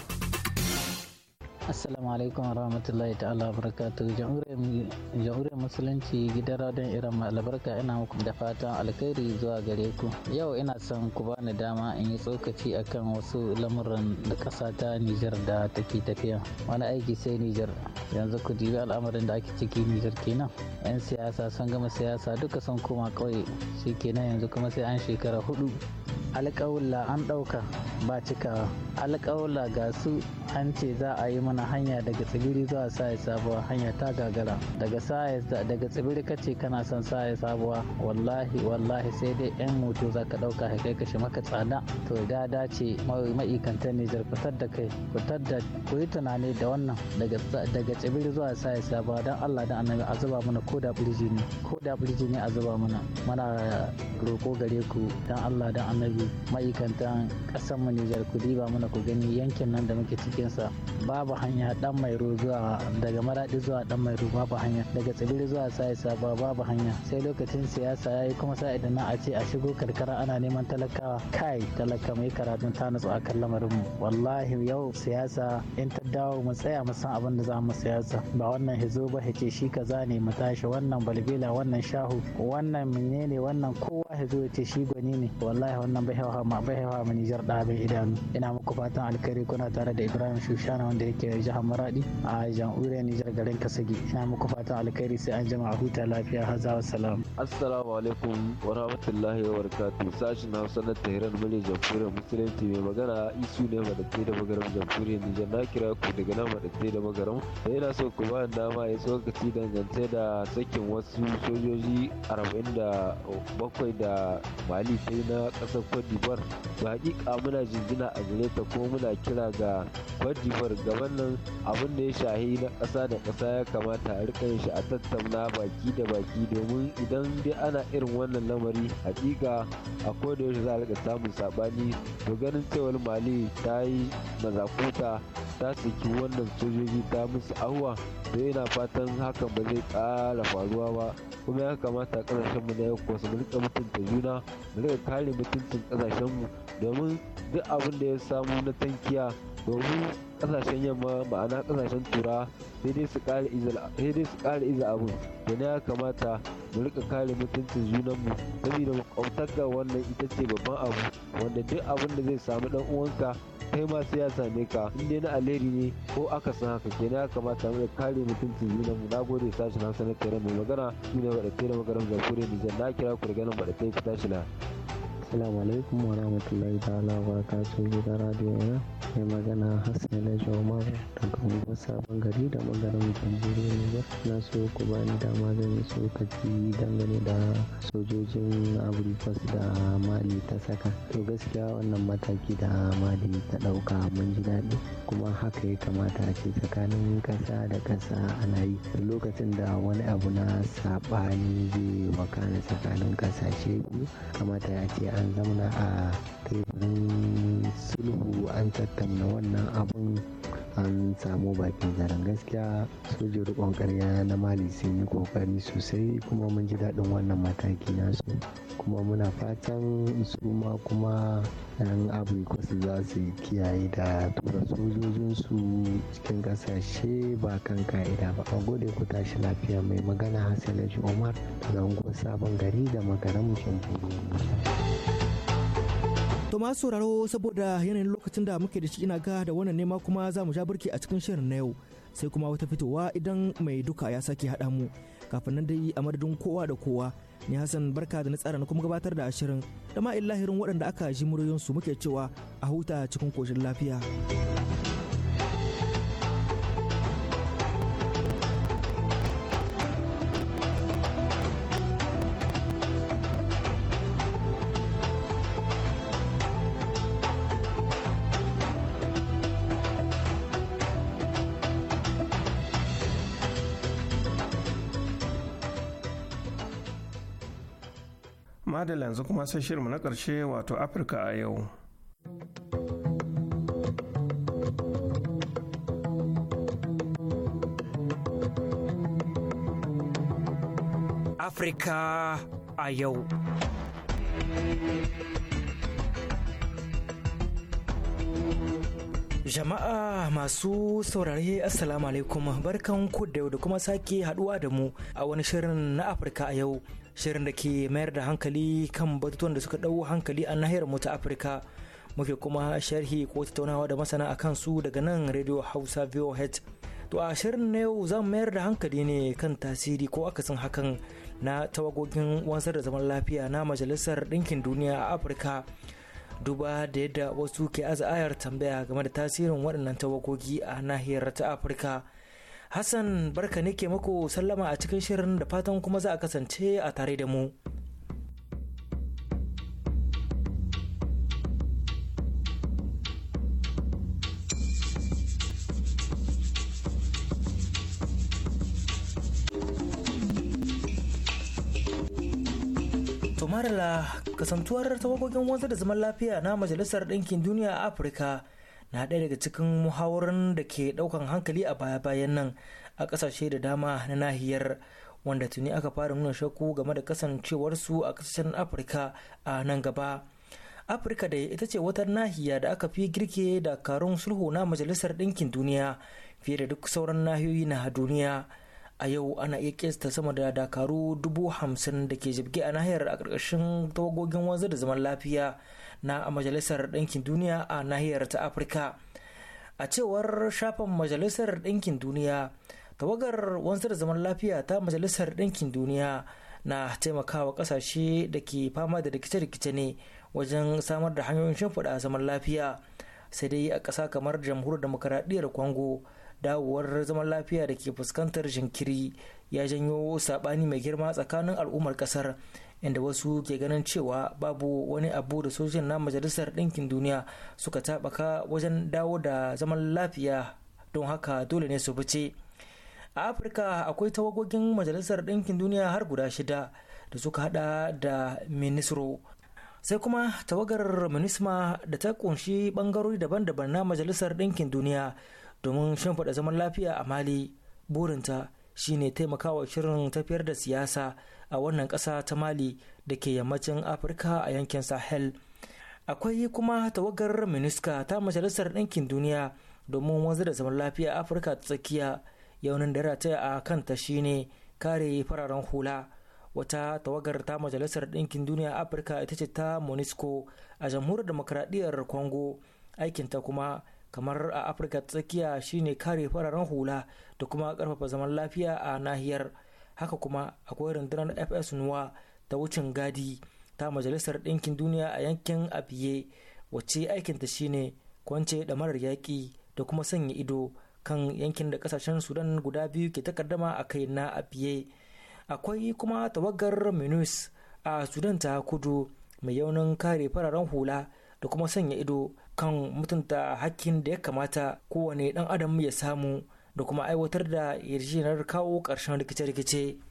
assalamu alaikum warahmatullahi ta'ala barakatu jamhuriyar musulunci gidan radon iran albarka ina muku da fatan alkhairi zuwa gare ku yau ina son ku bani dama in yi tsokaci akan wasu lamuran da ƙasa ta nijar da take tafiya wani aiki sai nijar yanzu ku jibi al'amarin da ake ciki nijar kenan yan siyasa sun gama siyasa duka sun koma ƙauye kenan yanzu kuma sai an shekara hudu alƙawulla an ɗauka ba cikawa alƙawulla ga su an ce za a yi mana mana hanya daga tsibiri zuwa saye sabuwa hanya ta gagara daga saye daga tsibiri kace kana son saye sabuwa wallahi wallahi sai dai yan moto za ka ɗauka ka kai kashe maka tsada to da dace ma'aikatan Nijar fitar da kai fitar da ku yi tunani da wannan daga daga tsibiri zuwa saye sabuwa don Allah da annabi a zuba mana ko da birji ne ko da birji ne a zuba mana mana roko gare ku don Allah da annabi ma'aikatan ƙasar mu Nijar ku diba mana ku gani yankin nan da muke cikinsa babu hanya dan mairo zuwa daga maradi zuwa dan mairo babu hanya daga tsibiri zuwa sai ba babu hanya sai lokacin siyasa yayi kuma sai idan na a ce a shigo karkara ana neman talakawa kai talaka mai karatun ta nutsu a kan lamarin mu wallahi yau siyasa in ta dawo mu tsaya mu san abin da za mu siyasa ba wannan hizo ba hike shi kaza ne mu tashi wannan balbila wannan shahu wannan menene wannan kowa hizo ya ce shi gwani ne wallahi wannan bai hawa ma bai hawa mu Nijar da idanu ina muku fatan alkari kuna tare da Ibrahim Shushana wanda yake ke jihar maradi a jamhuriyar nijar garin kasagi ina muku fatan alkhairi sai an a huta lafiya wa salam assalamu alaikum wa rahmatullahi wa barakatuh sashin hausa na tehran mulki jamhuriyar musulunci mai magana isu ne madaddai da magaram jamhuriyar nijar na kira ku daga nan madaddai da magaram da yana so ku ba dama ya tsokaci dangance da sakin wasu sojoji arba'in da bakwai da mali sai na ƙasar cote d'ivoire ba hakika muna jinjina a gare ta ko muna kira ga cote gaban wannan abun da ya shahi na ƙasa da ƙasa ya kamata a rika yin shi a tattauna baki da baki domin idan dai ana irin wannan lamari haƙiƙa a da yaushe za a rika samun saɓani to ganin cewar mali ta yi mazakuta ta saki wannan sojoji ta musu ahuwa to yana fatan hakan ba zai ƙara faruwa ba kuma ya kamata ƙasashen mu na yau ko su rika mutunta juna mu rika kare mutuncin ƙasashen mu domin duk abin da ya samu na tankiya domin kasashen yamma ma'ana kasashen tura sai dai su kara iza abu da ya kamata mu rika kare mutuncin junanmu saboda ga wannan ita ce babban abu wanda duk abin da zai samu dan uwanka kai ma sai ya same ka in dai na alheri ne ko aka san haka kenan ya kamata mu kare mutuncin junanmu na gode sashen hausa na mai magana shi ne baɗa da magaram jamhuriyar nijar na kira ku daga nan baɗa ku tashi na. Assalamu alaikum wa rahmatullahi ta'ala wa barakatuh gidan radio ya mai magana Hassan Lajo Umar daga unguwar Sabon Gari da magaran Jamhuriyar Nijar. Na so ku bani dama zan yi dangane da sojojin Abrikos da Mali ta saka. To gaskiya wannan mataki da Mali ta ɗauka mun ji daɗi kuma haka ya kamata a ce tsakanin ƙasa da ƙasa ana yi. Lokacin da wani abu na saɓani zai wakana tsakanin ƙasashe biyu kamata ya ce an zamana a teburin sulhu an tattauna wannan abun an samu bakin zaren gaskiya sojin rikon karya na mali sun yi kokari sosai kuma mun ji daɗin wannan mataki nasu kuma muna fatan su ma kuma yan abrikos za su kiyaye da tura sojojinsu cikin ƙasashe ba kan ka'ida ba a gode ku tashi lafiya mai magana hasalaji omar daga sabon gari da makarar mutum To ma sauraro saboda yanayin lokacin da muke da shi ina ga da wannan nema kuma za mu ja burki a cikin shirin na yau sai kuma wata fitowa idan mai duka ya sake haɗa mu kafin nan dai a madadin kowa da kowa ni Hassan barka da na tsara na kuma gabatar da ashirin da ma illahirin waɗanda aka ji su muke cewa a huta cikin koshin lafiya. Tuma da yanzu kuma sai shirinmu na ƙarshe wato Afirka a yau. Afirka a yau. Jama'a masu saurare Assalamu alaikum barkan ku da yau da kuma sake haduwa da mu a wani shirin na Afirka a yau. shirin da ke mayar da hankali kan batutuwan da suka ɗau hankali a nahiyar mu ta afirka muke kuma sharhi ko tattaunawa da masana a su daga nan radio hausa voh to a shirin na yau zan mayar da hankali ne kan tasiri ko akasin hakan na tawagogin wansar da zaman lafiya na majalisar ɗinkin duniya a afirka duba da yadda wasu ke ayar tambaya game da tasirin waɗannan tawagogi a nahiyar ta afirka Hassan barka ne ke mako sallama a cikin shirin da fatan kuma za a kasance a tare da mu. Tomarila kasantuwar tawagogin wanzar da zaman lafiya na Majalisar Ɗinkin Duniya a Afirka na ɗaya daga cikin muhawarar da ke ɗaukan hankali a baya-bayan nan a ƙasashe da dama na nahiyar wanda tuni aka fara nuna shakku game da kasancewarsu a ƙasashen afirka a nan gaba afirka da ita ce wata nahiya da aka fi girke dakarun sulhu na majalisar ɗinkin duniya fiye da duk sauran nahiyoyi na duniya a yau ana iya kesta sama da dakaru dubu hamsin da ke jibge a nahiyar a ƙarƙashin tawagogin wanzar da zaman lafiya na majalisar ɗinkin duniya a nahiyar ta afirka a cewar shafin majalisar ɗinkin duniya tawagar wanzar zaman lafiya ta majalisar ɗinkin duniya na taimakawa ƙasashe da ke fama da rikice-rikice ne wajen samar da hanyoyin shimfiɗa zaman lafiya sai dai a ƙasa kamar jamhuriyar demokaradiyyar kwango dawowar zaman lafiya da ke fuskantar jinkiri ya janyo saɓani mai girma tsakanin al'ummar ƙasar inda wasu ke ganin cewa babu wani abu da sojin na majalisar ɗinkin duniya suka taɓaka wajen dawo da zaman lafiya don haka dole ne su fice a afirka akwai tawagogin majalisar ɗinkin duniya har guda shida da suka hada da minisro sai kuma tawagar minisma da ta kunshi bangarori daban-daban na majalisar ɗinkin duniya domin shimfiɗa zaman lafiya a mali burinta shine taimakawa shirin tafiyar da siyasa a wannan ƙasa ta mali da ke yammacin afirka a yankin sahel akwai kuma tawagar miniska ta majalisar ɗinkin duniya domin wanzu da zaman lafiya afirka ta tsakiya yaunin da rataya a kanta shine kare fararen hula wata tawagar ta majalisar ɗinkin duniya afirka ita ce ta monisco a jamhuriyar demokradiyyar congo aikinta kuma kamar a afirka tsakiya shine kare fararen hula da kuma karfafa zaman lafiya a nahiyar haka kuma akwai rundunar fs nuwa ta wucin gadi ta majalisar ɗinkin duniya a yankin abiye wacce aikinta shine kwance da marar yaƙi da kuma sanya ido kan yankin da kasashen sudan guda biyu ke takaddama a kai na abiye akwai kuma tawagar minus a sudan ta kudu mai yaunin kare fararen hula da kuma sanya ido kan mutunta hakkin da ya kamata kowane dan adam ya samu da kuma aiwatar da yarjejeniyar kawo ƙarshen rikice-rikice.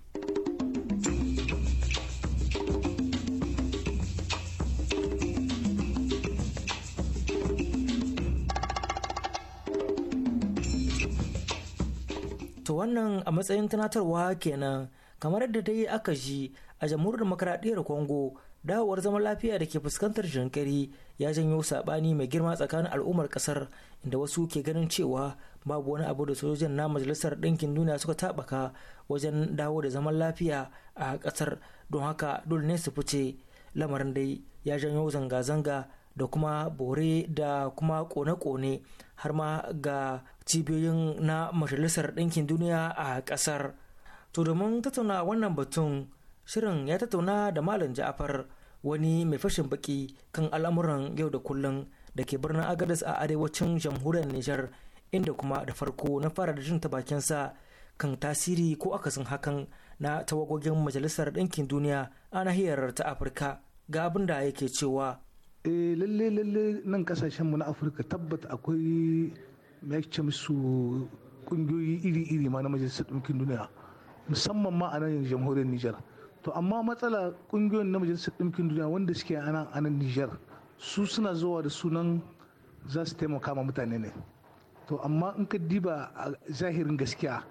To wannan a matsayin tunatarwa kenan kamar yadda dai aka ji a jamhuriyar makaradiyar Congo dawowar zaman lafiya da ke fuskantar jinkari ya janyo sabani mai girma tsakanin al'ummar kasar inda wasu ke ganin cewa babu wani abu da sojojin na majalisar ɗinkin duniya suka taɓaka wajen dawo da zaman lafiya a kasar don haka dole ne su fice lamarin dai ya janyo zanga-zanga da kuma bore da kuma kone-kone har ma ga cibiyoyin na majalisar ɗinkin duniya a kasar To domin tattauna wannan batun shirin ya tattauna da Malam Ja'afar wani mai fashin baki kan al'amuran yau da kullum da ke birnin agadas a arewacin jamhuriyar nijar inda kuma da farko na fara da jin bakinsa kan tasiri ko akasin hakan na tawagogin majalisar ɗinkin duniya a nahiyar ta afirka ga abin da yake cewa eh lalle lalle nan kasashen mu na afirka tabbat akwai su kungiyoyi iri-iri ma na majalisar ɗinkin duniya musamman ma a nan jamhuriyar nijar to amma matsala kungiyoyin na majalisar ɗinkin duniya wanda suke a nan anan nijar su suna zuwa da sunan za su taimaka ma mutane ne to amma in ka diba a zahirin gaskiya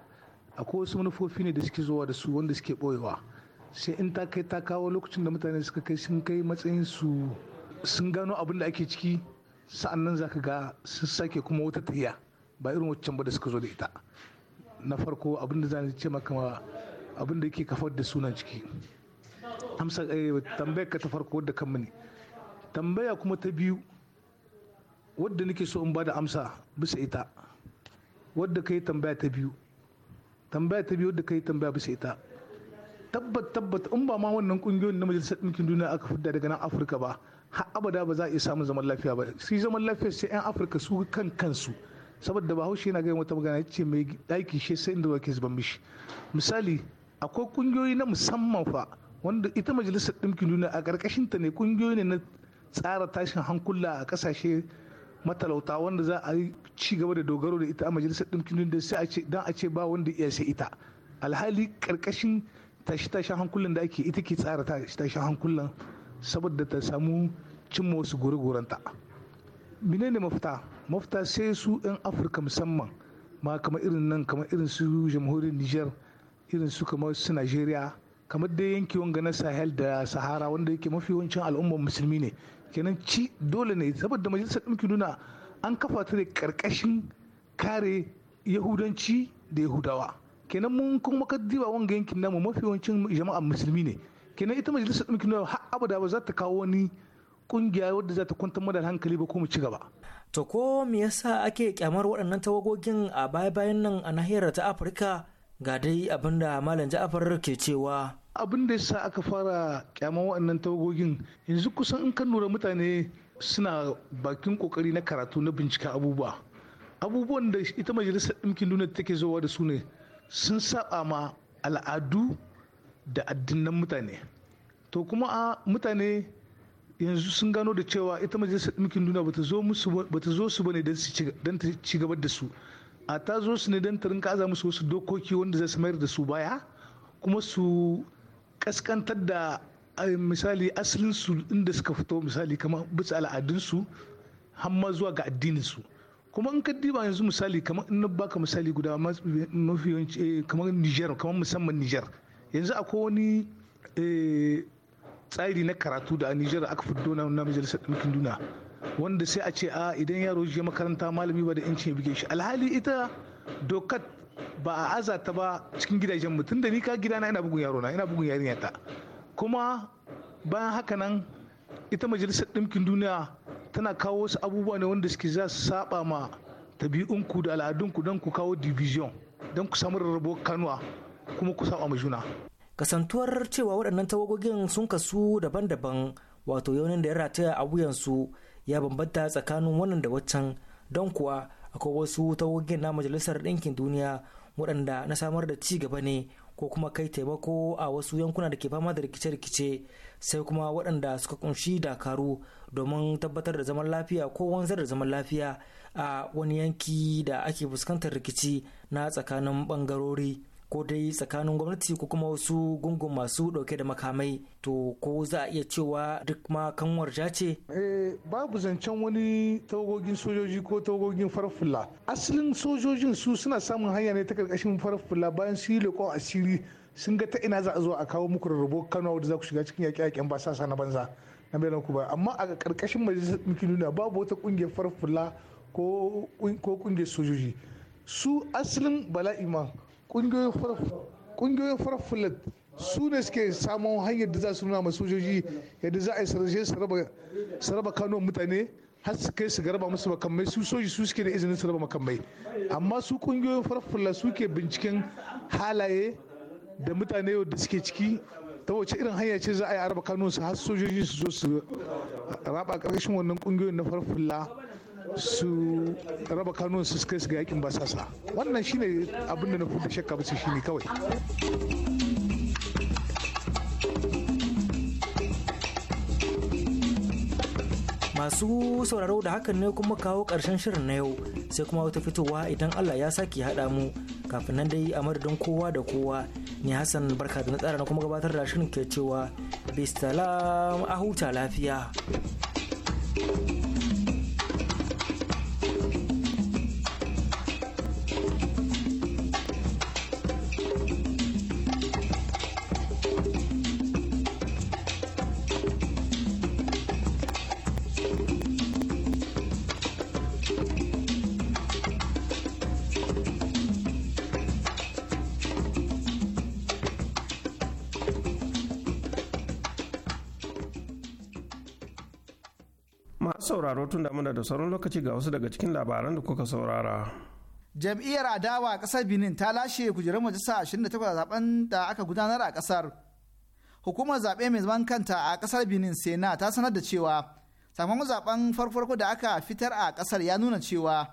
akwai wasu manufofi ne da suke zuwa da su wanda suke boyewa sai in ta kai ta kawo lokacin da mutane suka kai sun kai matsayin su sun gano abin da ake ciki sa'an nan za ka ga sun sake kuma wata tahiya ba irin waccan ba da suka zo da ita na farko abin da za ce maka abin da yake kafar da sunan ciki amsa eh, tambayar ka ta farko wadda kan ne tambaya kuma ta biyu wadda nake so in bada amsa bisa ita wadda ka yi tambaya ta biyu tambaya ta biyu wadda ka yi tambaya bisa ita tabbat tabbat in ba ma wannan kungiyoyin na majalisar ɗinkin duniya aka fidda daga nan afirka ba har abada ba za a iya samun zaman lafiya ba shi zaman lafiya sai 'yan afirka su kan kansu saboda bahaushe yana gaya wata magana ce mai ɗaki shi sai inda wake zuban mishi misali akwai kungiyoyi na musamman fa wanda ita majalisar ɗinkin duniya a ƙarƙashin ta ne kungiyoyi ne na tsara tashin hankula a ƙasashe matalauta wanda za a yi ci gaba da dogaro da ita a majalisar ɗinkin duniya sai a ce dan a ce ba wanda iya sai ita alhali ƙarƙashin tashi-tashin hankulan da ake ita ke tsara tashi-tashin hankulan saboda ta samu cimma wasu gure-gurenta menene mafita mafita sai su 'yan afirka musamman ma kamar irin nan kamar irin su jamhuriyar niger irin su kamar su Najeriya kamar dai yanki wanga na Sahel da Sahara wanda yake mafi yawancin al'ummar musulmi ne kenan ci dole ne saboda majalisar ɗinkin nuna an kafa ta da karkashin kare yahudanci da yahudawa kenan mun kuma ka diba wanga yankin namu mafi yawancin jama'a musulmi ne kenan ita majalisar ɗinkin nuna har abada ba za ta kawo wani kungiya wadda za ta kwantar mana hankali ba ko mu ci gaba ta ko me yasa ake kyamar waɗannan tawagogin a baya-bayan nan a nahiyar ta afirka ga dai abinda malam ja'afar ke cewa abin da yasa aka fara kyaman waɗannan tawagogin yanzu kusan in kan lura mutane suna bakin kokari na karatu na bincika abubuwa abubuwan da ita majalisar ɗinkin duniya take zowa da su ne sun saba ma al'adu da addinan mutane to kuma a mutane yanzu sun gano da cewa ita majalisar ɗinkin duniya bata zo bata zo su bane don ta ci gaba da su a ta zo su ne don ta kaza musu wasu dokoki wanda zai mayar da su baya kuma su kaskantar da eh, misali asalinsu inda suka fito misali kamar bisa al'adunsu hamma zuwa ga addininsu kuma in ka diba yanzu misali kamar in na baka misali guda mafi yawanci eh, kamar niger kamar musamman niger yanzu akwai wani eh, tsari na karatu da a niger aka fito na majalisar ɗinkin duniya wanda sai a ce a idan yaro je makaranta malami ba da incin buge shi alhali ita dokat ba a aza ta ba cikin gidajen mutum da ni ka na ina bugun yaro na ina bugun yarinya ta kuma bayan haka nan ita majalisar ɗinkin duniya tana kawo wasu abubuwa ne wanda suke za su saba ma tabi'unku da al'adunku don ku kawo division don ku samu rarrabo kanuwa kuma ku saba ma juna kasantuwar cewa waɗannan tawagogin sun kasu daban-daban wato yaunin da ya rataya a wuyansu ya bambanta tsakanin wannan da waccan don kuwa akwai wasu tawogin na majalisar ɗinkin duniya waɗanda na samar da ci gaba ne ko kuma kai taimako a wasu yankuna da ke fama da rikice-rikice sai kuma waɗanda suka kunshi dakaru domin tabbatar da zaman lafiya ko wanzar da zaman lafiya a wani yanki da ake fuskantar rikici na tsakanin ɓangarori. ko dai tsakanin gwamnati ko kuma wasu gungun masu dauke da makamai to ko za a iya cewa duk ma kanwar ce? Eh, babu zancen wani tawagogin sojoji ko tawagogin farfula asalin sojojin su suna samun hanya ne ta karkashin farfula bayan su yi leƙon asiri sun ga ta ina za a zo a kawo muku rarrabo kano da za ku shiga cikin yaƙe-yaƙen ba sasa na banza na bai ku ba amma a karkashin majalisar ɗinkin duniya babu wata ƙungiyar farfula ko ƙungiyar sojoji su asalin bala'i ma ƙungiyoyin farar fulat su ne suke samun hanyar da za su nuna masu sojoji yadda za a yi sarashe su raba kanon mutane har su kai su garba musu makamai su soji su suke da izinin su raba makamai amma su kungiyoyin su suke binciken halaye da mutane da suke ciki ta wace irin hanya ce za a yi araba kanunsu har sojoji su zo su raba ƙarƙashin wannan kungiyoyin na farfalla su raba kanun su kai su ga yakin basasa wannan shine abin da na fi shakka ba su shine kawai masu sauraro da hakan ne kuma kawo karshen shirin na yau sai kuma wata fitowa idan Allah ya sake haɗa mu kafin nan dai a madadin kowa da kowa ni Hassan barka da na tsara na kuma gabatar da shirin ke cewa bisalam a huta lafiya. da sauran lokaci ga wasu daga cikin labaran da kuka saurara. Jam'iyyar adawa a ƙasar Benin ta lashe kujerun majalisa 28 a zaben da aka gudanar a ƙasar. Hukumar zaɓe mai zaman kanta a ƙasar Benin Sena ta sanar da cewa sakamakon zaben farko da aka fitar a ƙasar ya nuna cewa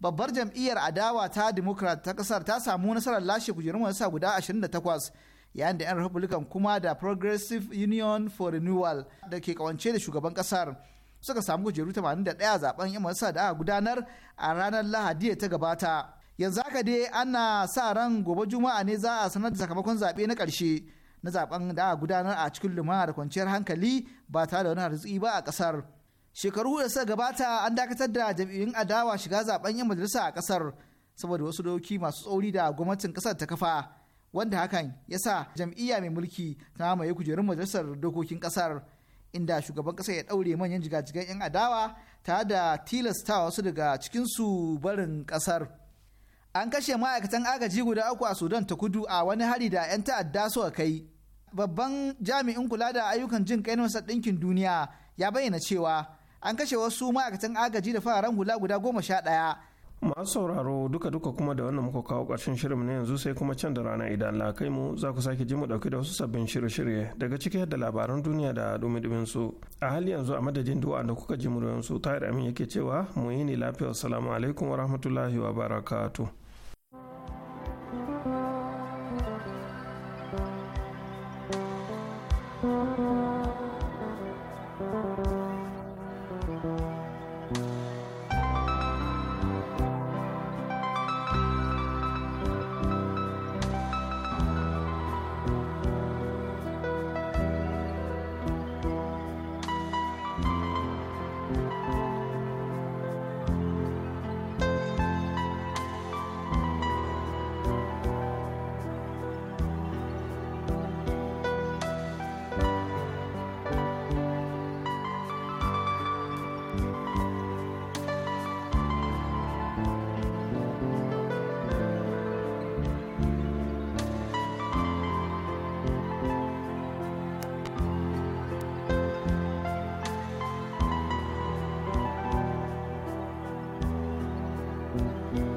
babbar jam'iyyar adawa ta Democrat ta ƙasar ta samu nasarar lashe kujerun majalisa guda 28 yayin da 'yan Republican kuma da Progressive Union for Renewal da ke kawance da shugaban ƙasar. suka samu kujeru 81 a zaben yan majalisa da aka gudanar a ranar lahadi ta gabata yanzu haka dai ana sa ran gobe juma'a ne za a sanar da sakamakon zaɓe na ƙarshe na zaben da aka gudanar a cikin lumana da kwanciyar hankali ba tare da wani hartsi ba a ƙasar shekaru da suka gabata an dakatar da jam'iyyun adawa shiga zaben yan majalisa a ƙasar saboda wasu doki masu tsauri da gwamnatin ƙasar ta kafa wanda hakan ya sa jam'iyya mai mulki ta mamaye kujerun majalisar dokokin ƙasar inda shugaban ƙasa ya ɗaure manyan jigajigan 'yan adawa tare da tilasta wasu daga cikinsu barin ƙasar. An kashe ma'aikatan agaji guda uku a Sudan ta kudu a wani hari da 'yan ta'adda suka kai. Babban jami'in kula da ayyukan jin kai na wasa Ɗinkin Duniya ya bayyana cewa an kashe wasu ma'aikatan agaji da fararen hula guda goma sha ɗaya masu sauraro duka-duka kuma da wannan muka kawo ƙarshen shirin na yanzu sai kuma can da rana idan Kai mu za ku sake ji mu dauki da wasu sabbin shirye-shirye daga ciki da labaran duniya da dumi su a hali yanzu a madadin du'a da kuka ji mu da su tare amin yake cewa mu yi ni lafiya assalamu alaikum wa rahmatullahi wa barakatuh Mm-hmm.